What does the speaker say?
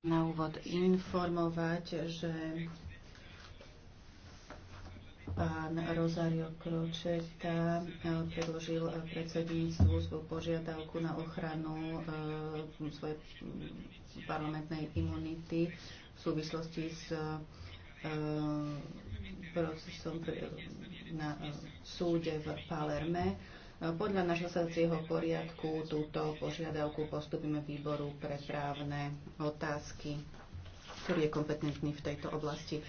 na úvod informovať, že pán Rosario Kročeta eh, predložil predsedníctvu svoju požiadavku na ochranu eh, svojej parlamentnej imunity v súvislosti s eh, procesom na súde v Palerme. Podľa našeho poriadku túto požiadavku postupíme výboru pre právne otázky, ktorý je kompetentný v tejto oblasti.